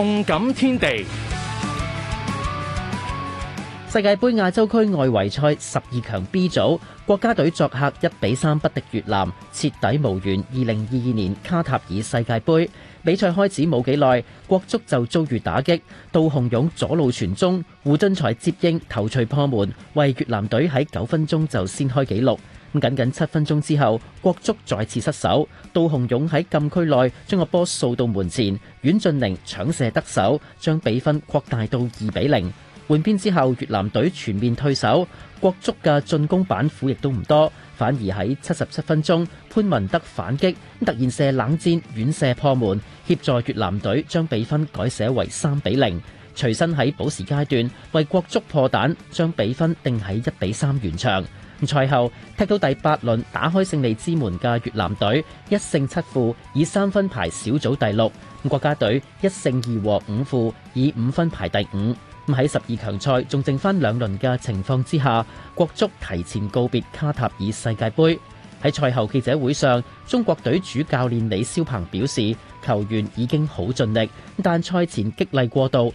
動感天地。世界杯亞洲區外圍賽十二強 B 組，國家隊作客一比三不敵越南，徹底無緣二零二二年卡塔爾世界杯。比賽開始冇幾耐，國足就遭遇打擊。杜洪勇左路傳中，胡俊才接應頭槌破門，為越南隊喺九分鐘就先開紀錄。咁僅僅七分鐘之後，國足再次失手。杜洪勇喺禁區內將個波掃到門前，阮俊寧搶射得手，將比分擴大到二比零。換邊之後，越南隊全面退守，國足嘅進攻板斧亦都唔多，反而喺七十七分鐘潘文德反擊，突然射冷箭遠射破門，協助越南隊將比分改寫為三比零。隨身喺補時階段為國足破蛋，將比分定喺一比三完場。賽後踢到第八輪打開勝利之門嘅越南隊一勝七負，以三分排小組第六；國家隊一勝二和五負，以五分排第五。咁喺十二強賽仲剩翻兩輪嘅情況之下，國足提前告別卡塔爾世界盃。喺賽後記者會上，中國隊主教練李霄鵬表示，球員已經好盡力，但賽前激勵過度。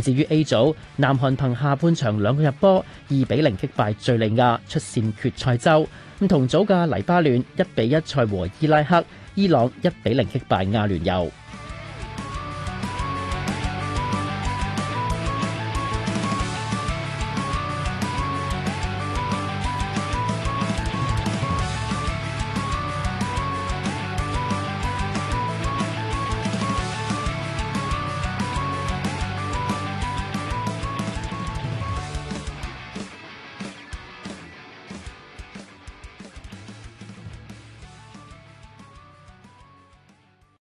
至於 A 組，南韓憑下半場兩個入波，二比零擊敗敍利亞，出線決賽周。唔同組嘅黎巴嫩一比一賽和伊拉克，伊朗一比零擊敗阿聯酋。